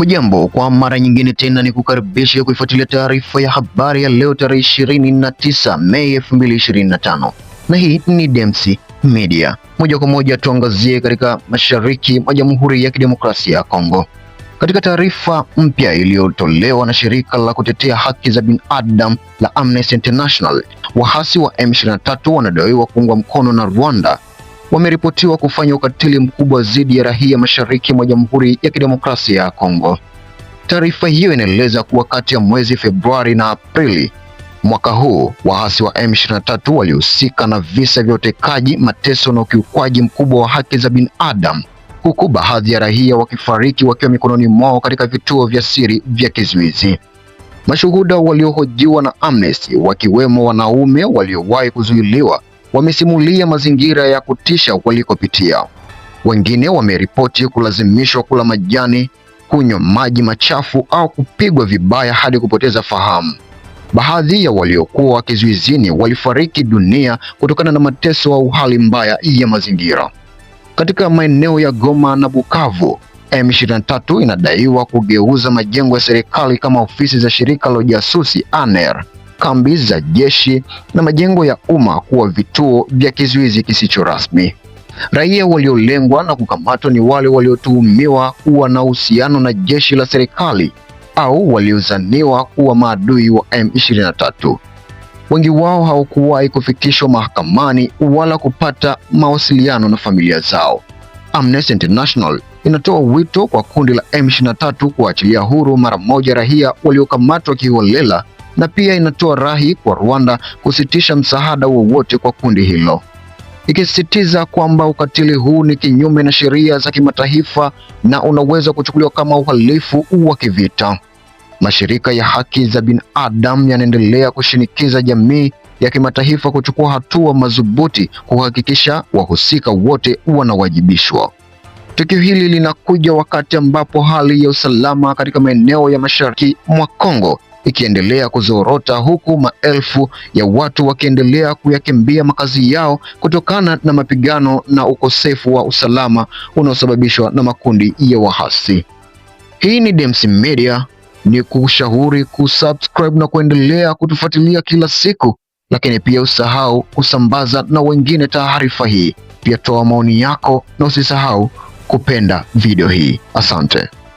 Hujambo, kwa mara nyingine tena ni kukaribisha kuifuatilia taarifa ya habari ya leo tarehe 29 Mei 2025, na hii ni Dems Media. Moja kwa moja tuangazie katika mashariki mwa Jamhuri ya Kidemokrasia ya Kongo. Katika taarifa mpya iliyotolewa na shirika la kutetea haki za binadamu la Amnesty International, waasi wa M23 wanadaiwa kuungwa mkono na Rwanda wameripotiwa kufanya ukatili mkubwa dhidi ya raia mashariki mwa Jamhuri ya Kidemokrasia ya Kongo. Taarifa hiyo inaeleza kuwa kati ya mwezi Februari na Aprili mwaka huu waasi wa M23 walihusika na visa vya utekaji, mateso na ukiukwaji mkubwa wa haki za binadamu, huku baadhi ya raia wakifariki wakiwa mikononi mwao katika vituo vya siri vya kizuizi. Mashuhuda waliohojiwa na Amnesty, wakiwemo wanaume waliowahi kuzuiliwa wamesimulia mazingira ya kutisha walikopitia. Wengine wameripoti kulazimishwa kula majani, kunywa maji machafu au kupigwa vibaya hadi kupoteza fahamu. Baadhi ya waliokuwa kizuizini walifariki dunia kutokana na mateso au hali mbaya ya mazingira. Katika maeneo ya Goma na Bukavu, M23 inadaiwa kugeuza majengo ya serikali kama ofisi za shirika la ujasusi ANER kambi za jeshi na majengo ya umma kuwa vituo vya kizuizi kisicho rasmi. Raia waliolengwa na kukamatwa ni wale waliotuhumiwa kuwa na uhusiano na jeshi la serikali au waliozaniwa kuwa maadui wa M23. Wengi wao hawakuwahi kufikishwa mahakamani wala kupata mawasiliano na familia zao. Amnesty International inatoa wito kwa kundi la M23 kuachilia huru mara moja raia waliokamatwa kiholela na pia inatoa rahi kwa Rwanda kusitisha msaada wowote kwa kundi hilo, ikisisitiza kwamba ukatili huu ni kinyume na sheria za kimataifa na unaweza kuchukuliwa kama uhalifu wa kivita. Mashirika ya haki za binadamu yanaendelea kushinikiza jamii ya kimataifa kuchukua hatua madhubuti kuhakikisha wahusika wote wanawajibishwa. Tukio hili linakuja wakati ambapo hali ya usalama katika maeneo ya mashariki mwa Kongo ikiendelea kuzorota huku maelfu ya watu wakiendelea kuyakimbia makazi yao kutokana na mapigano na ukosefu wa usalama unaosababishwa na makundi ya wahasi. Hii ni Dems Media, ni kushauri kusubscribe na kuendelea kutufuatilia kila siku, lakini pia usahau kusambaza na wengine taarifa hii. Pia toa maoni yako na usisahau kupenda video hii. Asante.